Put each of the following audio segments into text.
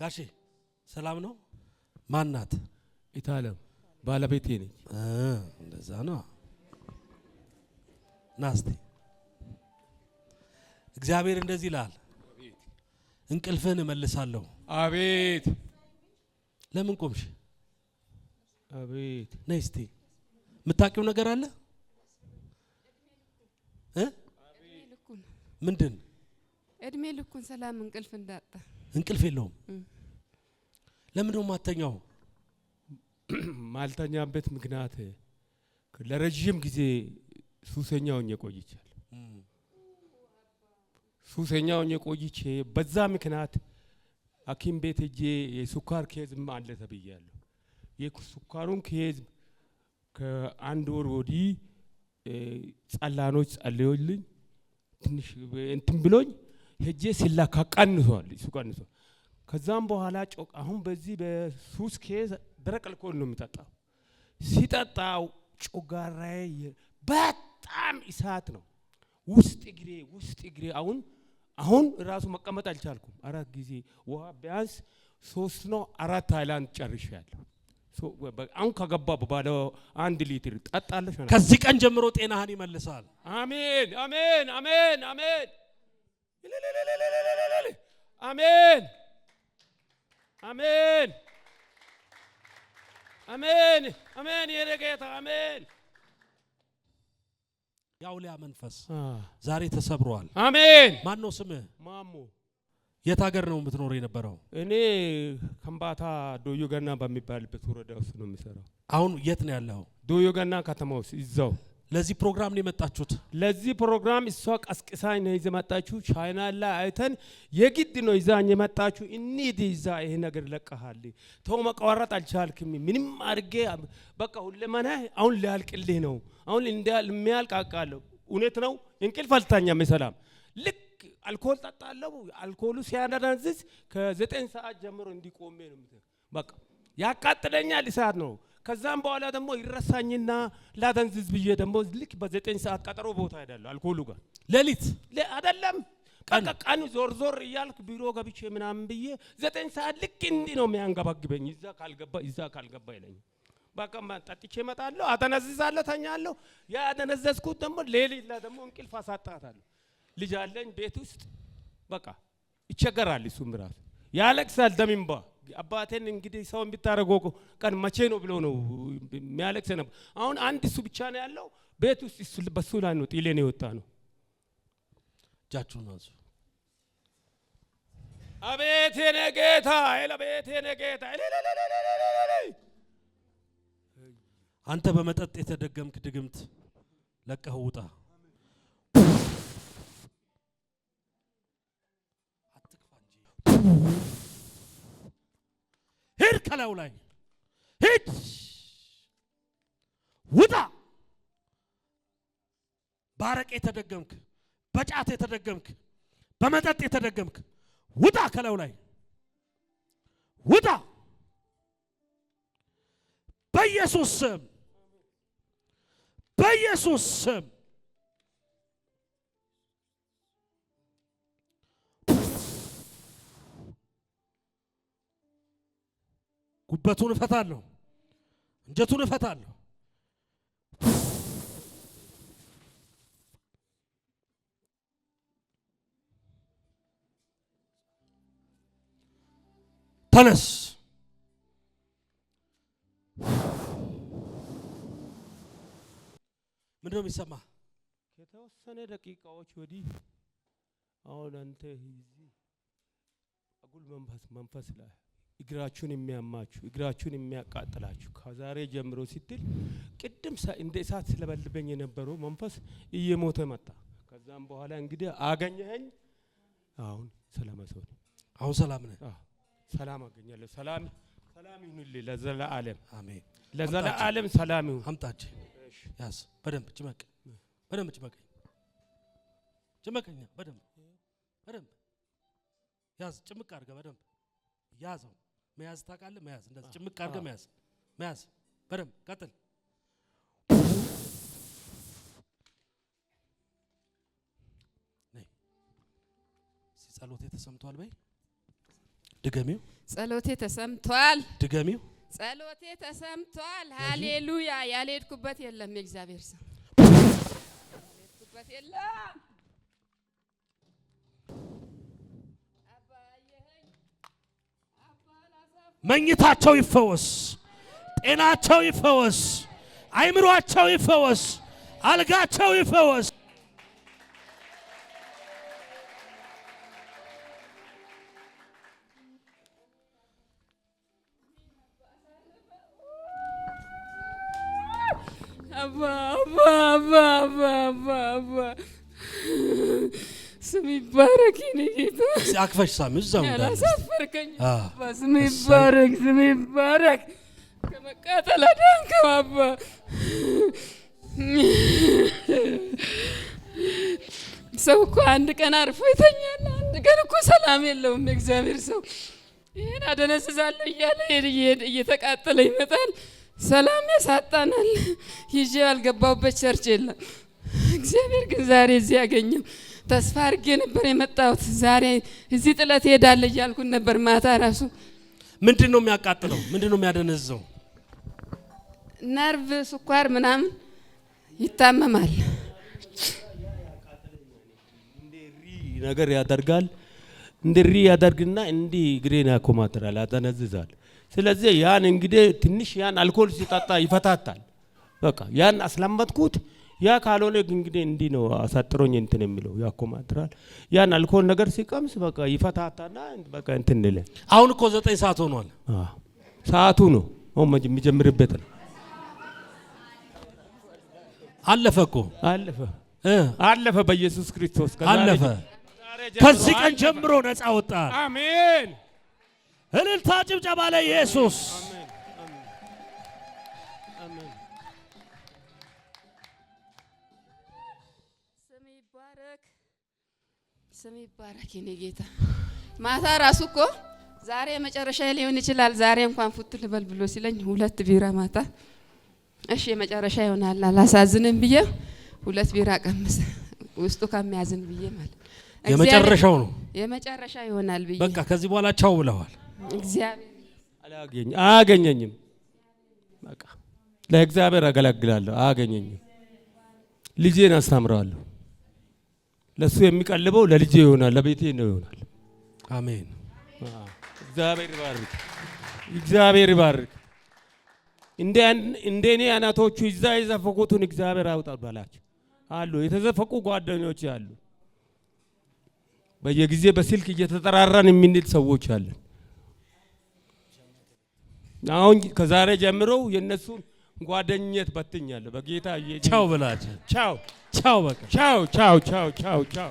ጋሺ ሰላም ነው? ማናት? ኢታለም ባለቤቴ ነች። እንደዛ ነው። ናስቲ እግዚአብሔር እንደዚህ ይላል፣ እንቅልፍህን እመልሳለሁ። አቤት። ለምን ቆምሽ? አቤት። ነይ እስቲ የምታውቂው ነገር አለ እ ምንድን እድሜ ልኩን ሰላም እንቅልፍ እንዳጣ እንቅልፍ የለውም። ለምንድ ማተኛው? ማልተኛበት ምክንያት ለረዥም ጊዜ ሱሰኛ ሆኜ ቆይቻለሁ። ሱሰኛ ሆኜ ቆይቼ በዛ ምክንያት ሐኪም ቤት እጄ የሱካር ኬዝም አለ ተብያለሁ። የሱካሩን ኬዝ ከአንድ ወር ወዲህ ጸላኖች ጸልዮልኝ ትንሽ እንትን ብሎኝ ሄጄ ሲላካ ቀንሷል፣ እሱ ቀንሷል። ከዛም በኋላ ጮቃ አሁን በዚህ በሱስ ኬዝ ደረቅ አልኮል ነው የሚጠጣው። ሲጠጣው ጮጋራዬ በጣም እሳት ነው። ውስጥ እግሬ ውስጥ እግሬ አሁን አሁን ራሱ መቀመጥ አልቻልኩም። አራት ጊዜ ውሃ ቢያንስ ሶስት ነው አራት ታይላንድ ጨርሻለሁ። አሁን ከገባ ባለ አንድ ሊትር ጠጣለሽ። ከዚህ ቀን ጀምሮ ጤናህን ይመልሳል። አሜን፣ አሜን፣ አሜን፣ አሜን። አሜን፣ አሜን፣ አሜን፣ አሜን። የኔ ጌታ አሜን። የአውሊያ መንፈስ ዛሬ ተሰብሯል። አሜን። ማን ነው ስምህ? ማሙ። የት ሀገር ነው የምትኖር የነበረው? እኔ ከምባታ ዶዮ ገና በሚባልበት ወረዳ ውስጥ ነው የሚሰራው። አሁን የት ነው ያለው? ዶዮ ገና ከተማ ውስጥ ይዛው ለዚህ ፕሮግራም ነው የመጣችሁት። ለዚህ ፕሮግራም እሷ ቀስቅሳኝ ነው ይዘ መጣችሁ። ቻይና ላይ አይተን የግድ ነው ይዛኝ የመጣችሁ። እንሂድ ይዛ ይሄ ነገር ለቀሃል። ተው መቋረጥ አልቻልክም። ምንም አድርጌ በቃ ሁለመና አሁን ሊያልቅልህ ነው። አሁን የሚያልቅ አውቃለሁ። እውነት ነው። እንቅልፍ አልተኛም። ሰላም ልክ አልኮል ጠጣለሁ። አልኮሉ ሲያነዳንዝዝ ከዘጠኝ ሰዓት ጀምሮ እንዲቆሜ ነው በቃ ያቃጥለኛል። እሳት ነው ከዛም በኋላ ደግሞ ይረሳኝና ላደንዝዝ ብዬ ደግሞ ልክ በዘጠኝ ሰዓት ቀጠሮ ቦታ ሄዳለሁ። አልኮሉ ጋር ሌሊት አይደለም ቀኑ ዞር ዞር እያልኩ ቢሮ ገብቼ ምናምን ብዬ ዘጠኝ ሰዓት ልክ እንዲህ ነው የሚያንገባግበኝ። እዛ ካልገባ እዛ ካልገባ ይለኝ። በቃ ጠጥቼ እመጣለሁ፣ አደነዝዛለሁ፣ ተኛለሁ። ያደነዘዝኩት ደግሞ ሌሊላ ደግሞ እንቅልፍ አሳጣታለሁ። ልጅ አለኝ ቤት ውስጥ በቃ ይቸገራል። እሱም ራሱ ያለቅሳል ደሚንባ አባቴን እንግዲህ ሰው የምታደርገው ቀን መቼ ነው ብሎ ነው የሚያለቅሰ ነበር። አሁን አንድ እሱ ብቻ ነው ያለው ቤት ውስጥ በሱ ላይ ነው ጢሌን የወጣ ነው። እጃችሁን አንሱ። አቤት የኔ ጌታ፣ አቤት የኔ ጌታ። አንተ በመጠጥ የተደገምክ ድግምት ለቀህ ውጣ። አትክፋ እንጂ ከላዩ ላይ ሂድ፣ ውጣ። ባረቅ የተደገምክ፣ በጫት የተደገምክ፣ በመጠጥ የተደገምክ ውጣ፣ ከላዩ ላይ ውጣ፣ በኢየሱስ ስም፣ በኢየሱስ ስም ጉበቱን እፈታለሁ፣ እንጀቱን እፈታለሁ። ተነስ ምንድን ነው የሚሰማ? ከተወሰነ ደቂቃዎች ወዲህ አሁን አንተ አጉል መንፈስ መንፈስ ላይ እግራችሁን የሚያማችሁ እግራችሁን የሚያቃጥላችሁ ከዛሬ ጀምሮ ሲትል ቅድም እንደ እሳት ስለበልበኝ የነበረው መንፈስ እየሞተ መጣ። ከዛም በኋላ እንግዲህ አገኘኸኝ። አሁን ሰላም ሰው አሁን ሰላም ነህ። ሰላም አገኛለሁ። ሰላም ሰላም ይሁንልህ ለዘላለም አሜን። ለዘላለም ሰላም ይሁን። አምጣች ያስ በደንብ ጭመቅ፣ በደንብ ጭመቀኝ፣ ጭመቀኛ በደንብ በደንብ ያዝ፣ ጭምቅ አድርገህ በደንብ ያዘው። መያዝ ታውቃለህ? መያዝ እንደዚህ ጭምቅ አድርገህ መያዝ መያዝ። በደምብ ቀጥል። ጸሎቴ ተሰምቷል በይ። ድገሚው። ጸሎቴ ተሰምቷል። ድገሚው። ጸሎቴ ተሰምቷል። ሃሌሉያ። ያልሄድኩበት የለም የእግዚአብሔር ስም ያልሄድኩበት የለም መኝታቸው ይፈወስ፣ ጤናቸው ይፈወስ፣ አይምሯቸው ይፈወስ፣ አልጋቸው ይፈወስ። አባ አባ አባ አባ ስም ይባረክ የእኔ ጌታ። አቅፈሽ ሳም እዛው ያላሳፈርከኝ። ስም ይባረክ፣ ስም ይባረክ። ከመቃጠል አዳንከው አባ። ሰው እኮ አንድ ቀን አርፎ ይተኛል፣ አንድ ቀን እኮ ሰላም የለውም። የእግዚአብሔር ሰው ይህን አደነዝዛለሁ እያለ እየተቃጠለ ይመጣል። ሰላም ያሳጣናል። ይዤ ያልገባሁበት ቸርች የለም። እግዚአብሔር ግን ዛሬ እዚህ ያገኘው ተስፋ አድርጌ ነበር የመጣሁት። ዛሬ እዚህ ጥለት ሄዳለ እያልኩን ነበር። ማታ ራሱ ምንድን ነው የሚያቃጥለው? ምንድን ነው የሚያደነዘው? ነርቭ፣ ስኳር ምናምን ይታመማል። ነገር ያደርጋል እንድሪ ያደርግና እንዲህ ግሬን ያኮማትራል፣ ያጠነዝዛል። ስለዚህ ያን እንግዲህ ትንሽ ያን አልኮል ሲጠጣ ይፈታታል። በቃ ያን አስላመጥኩት። ያ ካልሆነ እንግዲህ እንዲህ ነው አሳጥሮኝ እንትን የሚለው ያኮማትራል። ያን አልኮል ነገር ሲቀምስ በቃ ይፈታታና በቃ እንትን ይላል። አሁን እኮ ዘጠኝ ሰዓት ሆኗል። ሰዓቱ ነው የሚጀምርበት ነው። አለፈ እኮ አለፈ፣ አለፈ በኢየሱስ ክርስቶስ አለፈ። ከዚህ ቀን ጀምሮ ነፃ ወጣ። አሜን። እልልታ ጭብጨባ ላይ ኢየሱስ ይባረክ ስም ይባረክ የኔ ጌታ። ማታ ራሱ እኮ ዛሬ የመጨረሻ ሊሆን ይችላል። ዛሬ እንኳን ፉት ልበል ብሎ ሲለኝ ሁለት ቢራ ማታ፣ እሺ የመጨረሻ ይሆናል አላሳዝንም ብዬ ሁለት ቢራ ቀምሰ ውስጡ ከሚያዝን ብዬ ማለት የመጨረሻው ነው የመጨረሻ ይሆናል ብዬ በቃ ከዚህ በኋላ ቻው ብለዋል። እግዚአብሔር አያገኘኝም፣ በቃ ለእግዚአብሔር አገለግላለሁ። አያገኘኝም፣ ልጄን አስተምረዋለሁ ለእሱ የሚቀልበው ለልጄ ይሆናል፣ ለቤቴ ነው ይሆናል። አሜን። እግዚአብሔር ይባርክ፣ እግዚአብሔር ይባርክ። እንደ እኔ አናቶቹ እዛ የዘፈቁትን እግዚአብሔር አውጣል በላቸው አሉ። የተዘፈቁ ጓደኞች አሉ። በየጊዜ በስልክ እየተጠራራን የምንል ሰዎች አለን። አሁን ከዛሬ ጀምሮ የእነሱን ጓደኝነት በትኛለሁ በጌታ ቻው ብላቸው ቻው ቻው፣ በቃ ቻው፣ ቻው፣ ቻው፣ ቻው፣ ቻው።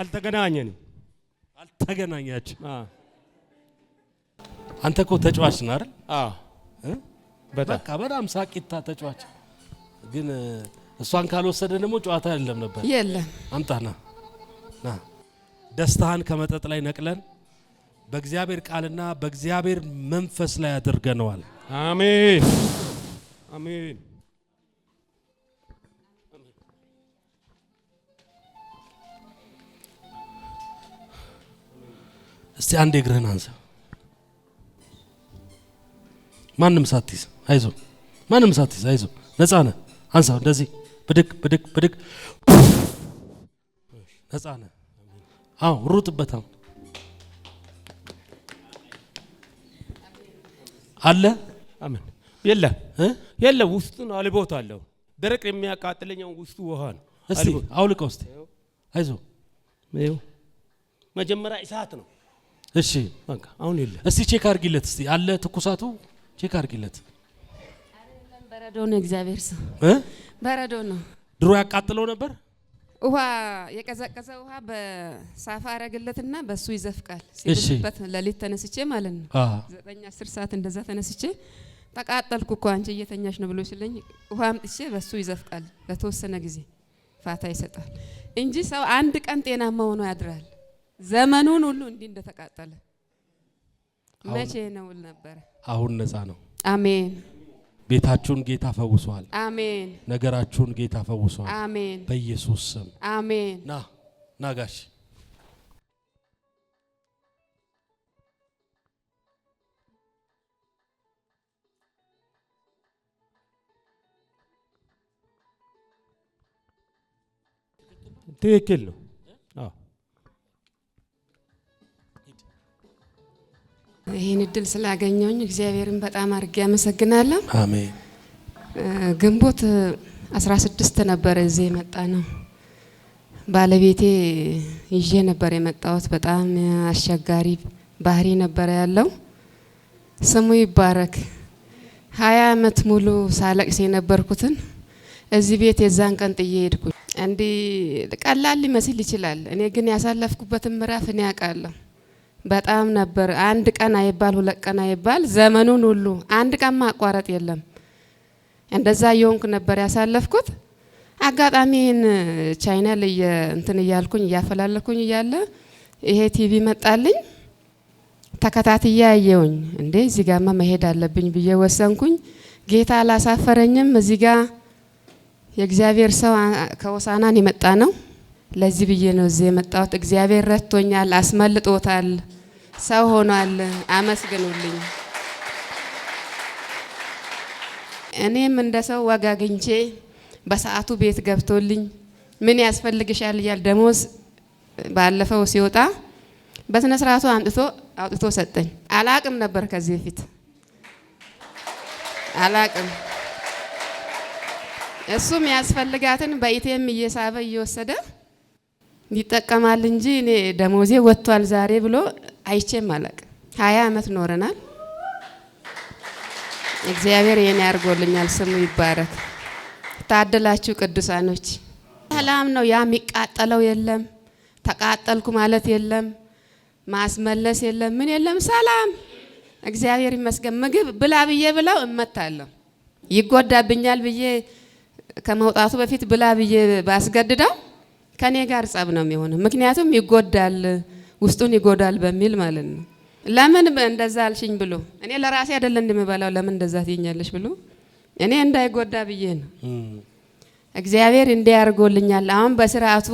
አልተገናኘንም፣ አልተገናኛችም። አንተ እኮ ተጫዋች ነህ አይደል? በጣም በቃ በጣም ሳቂታ ተጫዋች። ግን እሷን ካልወሰደ ደግሞ ጨዋታ አይደለም ነበር። የለም አምጣና ና ደስታህን ከመጠጥ ላይ ነቅለን በእግዚአብሔር ቃልና በእግዚአብሔር መንፈስ ላይ አድርገነዋል። አሜን አሜን። እስቲ አንድ እግርህን አንሰ ማንም ሳትይዝ አይዞ፣ ማንም ሳትይዝ አይዞ፣ ነፃ ነ አንሳ፣ እንደዚህ ብድግ ብድግ ብድግ፣ ነፃ ነ አዎ፣ ሩጥበት። አሁን አለ። አሜን። የለ የለ ውስጡ ነው። አልቦት አለው። ደረቅ የሚያቃጥለኛው ውስጡ ውሃ ነው። እስቲ አውልቀው፣ እስቲ አይዞ። መጀመሪያ እሳት ነው እሺ በቃ አሁን የለ። እስቲ ቼክ አድርጊለት፣ እስቲ አለ ትኩሳቱ፣ ቼክ አድርጊለት። በረዶ ነው፣ እግዚአብሔር ሰው በረዶ ነው። ድሮ ያቃጥለው ነበር። ውሃ የቀዘቀዘ ውሃ በሳፋ አረግለትና በሱ ይዘፍቃል። ሲበት ለሊት ተነስቼ ማለት ነው ዘጠኝ አስር ሰዓት እንደዛ ተነስቼ ተቃጠልኩ እኮ አንቺ እየተኛሽ ነው ብሎ ሲለኝ ውሃ አምጥቼ በሱ ይዘፍቃል። ለተወሰነ ጊዜ ፋታ ይሰጣል እንጂ ሰው አንድ ቀን ጤናማ ሆኖ ያድራል። ዘመኑን ሁሉ እንዲህ እንደተቃጠለ መቼ ነው ል ነበረ። አሁን ነፃ ነው። አሜን። ቤታችሁን ጌታ ፈውሷል። አሜን። ነገራችሁን ጌታ ፈውሷል። አሜን። በኢየሱስ ስም አሜን። ና ና ጋሽ ትክክል ነው። ይህን እድል ስላገኘውኝ እግዚአብሔርን በጣም አድርጌ አመሰግናለሁ። አሜን። ግንቦት 16 ነበረ እዚህ የመጣ ነው። ባለቤቴ ይዤ ነበር የመጣሁት። በጣም አስቸጋሪ ባህሪ ነበረ ያለው። ስሙ ይባረክ። ሀያ አመት ሙሉ ሳለቅስ የነበርኩትን እዚህ ቤት የዛን ቀን ጥዬ ሄድኩኝ። እንዲህ ቀላል ሊመስል ይችላል። እኔ ግን ያሳለፍኩበትን ምዕራፍ እኔ ያውቃለሁ። በጣም ነበር። አንድ ቀን አይባል ሁለት ቀን አይባል ዘመኑን ሁሉ አንድ ቀን ማቋረጥ የለም። እንደዛ የሆንኩ ነበር ያሳለፍኩት። አጋጣሚ ይህን ቻይናል እንትን እያልኩኝ እያፈላለኩኝ እያለ ይሄ ቲቪ መጣልኝ። ተከታትያ አየውኝ። እንዴ እዚህ ጋማ መሄድ አለብኝ ብዬ ወሰንኩኝ። ጌታ አላሳፈረኝም። እዚህ ጋ የእግዚአብሔር ሰው ከወሳናን የመጣ ነው ለዚህ ብዬ ነው እዚህ የመጣሁት። እግዚአብሔር ረድቶኛል፣ አስመልጦታል፣ ሰው ሆኗል። አመስግኑልኝ። እኔም እንደ ሰው ዋጋ አግኝቼ በሰዓቱ ቤት ገብቶልኝ ምን ያስፈልግሻል እያል ደሞዝ ባለፈው ሲወጣ በስነ ስርዓቱ አምጥቶ አውጥቶ ሰጠኝ። አላቅም ነበር ከዚህ በፊት አላቅም። እሱም ያስፈልጋትን በኢቴም እየሳበ እየወሰደ ይጠቀማል እንጂ እኔ ደሞዜ ወጥቷል ዛሬ ብሎ አይቼም አላቅም። ሀያ አመት ኖረናል። እግዚአብሔር የኔ አድርጎልኛል። ስሙ ይባረክ። ታደላችሁ ቅዱሳኖች። ሰላም ነው። ያ የሚቃጠለው የለም፣ ተቃጠልኩ ማለት የለም፣ ማስመለስ የለም፣ ምን የለም። ሰላም እግዚአብሔር ይመስገን። ምግብ ብላ ብዬ ብላው እመታለሁ። ይጎዳብኛል ብዬ ከመውጣቱ በፊት ብላ ብዬ ባስገድደው ከኔ ጋር ጸብ ነው የሚሆነው። ምክንያቱም ይጎዳል፣ ውስጡን ይጎዳል በሚል ማለት ነው። ለምን እንደዛ አልሽኝ ብሎ እኔ ለራሴ አይደለ እንደምበላው ለምን እንደዛ ትኛለሽ ብሎ እኔ እንዳይጎዳ ብዬ ነው። እግዚአብሔር እንዲህ ያርጎልኛል። አሁን በስርዓቱ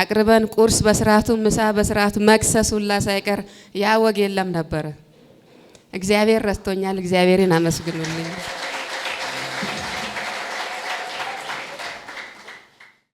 አቅርበን ቁርስ በስርዓቱ ምሳ በስርዓቱ መክሰስ ሁላ ሳይቀር ያ ወግ የለም ነበረ። እግዚአብሔር ረስቶኛል። እግዚአብሔርን አመስግኑልኝ።